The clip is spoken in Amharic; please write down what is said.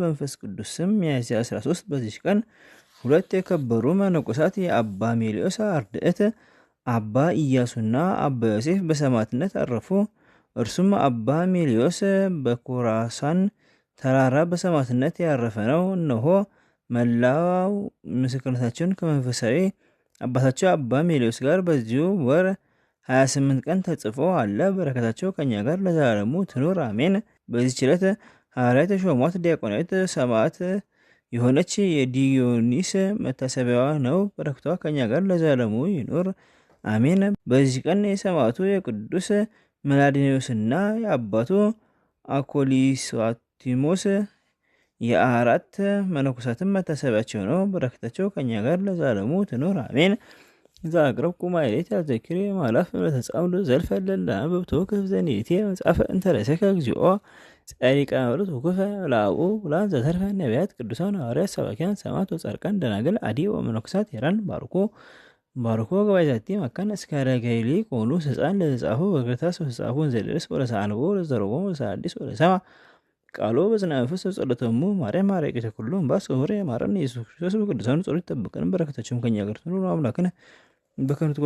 በመንፈስ ቅዱስ ስም ሚያዝያ 13 በዚች ቀን ሁለት የከበሩ መነኮሳት የአባ ሜሊዮስ አርድእት አባ ኢያሱና አባ ዮሴፍ በሰማዕትነት አረፉ። እርሱም አባ ሜሊዮስ በኮራሳን ተራራ በሰማዕትነት ያረፈ ነው። እነሆ መላው ምስክርነታቸውን ከመንፈሳዊ አባታቸው አባ ሜሊዮስ ጋር በዚሁ ወር 28 ቀን ተጽፎ አለ። በረከታቸው ከኛ ጋር ለዘላለሙ ትኑር አሜን። በዚህች ዕለት ሐዋርያት የሾሟት ዲያቆናዊት ሰማዕት የሆነች የዲዮኒስ መታሰቢያዋ ነው። በረከቷ ከኛ ጋር ለዛለሙ ይኑር አሜን። በዚህ ቀን የሰማዕቱ የቅዱስ መላዲኖስና የአባቱ አኮሊሳቲሞስ የአራት መነኮሳትን መታሰቢያቸው ነው። በረከታቸው ከኛ ጋር ለዛለሙ ትኑር አሜን። ዛግረብ ማኅሌተ አልዘኪሬ ማላፍ እምለተጻምዱ ዘልፈ ለለ ክፍዘኔቴ መጽሐፈ እግዚኦ ጻድቃ ማለት ወኩፈ ላቁ ላን ዘተርፈ ነቢያት ቅዱሳን ሐዋርያት ሰባኪያን ሰማዕት ወጻድቃን ደናግል አዲ ወመነኮሳት ሄራን ባርኮ ባርኮ ገባይዛቲ መካን እስካረ ገይሊ ኮኑ ህፃን ለተጻፉ በክርታስ ወተጻፉ እንዘደርስ ወረሳ አንቦ ወለዘረቦም ወረሳ አዲስ ወለሰማ ቃሎ በዝናንፍስ ጸሎተሙ ማርያም ማርያቅ ተኩሉ ባስ ሆሬ ማረን ኢየሱስ ክርስቶስ በቅዱሳኑ ጸሎት ይጠብቀን። በረከታቸውም ከኛ ጋር ትኑር። አምላክን በከንቱ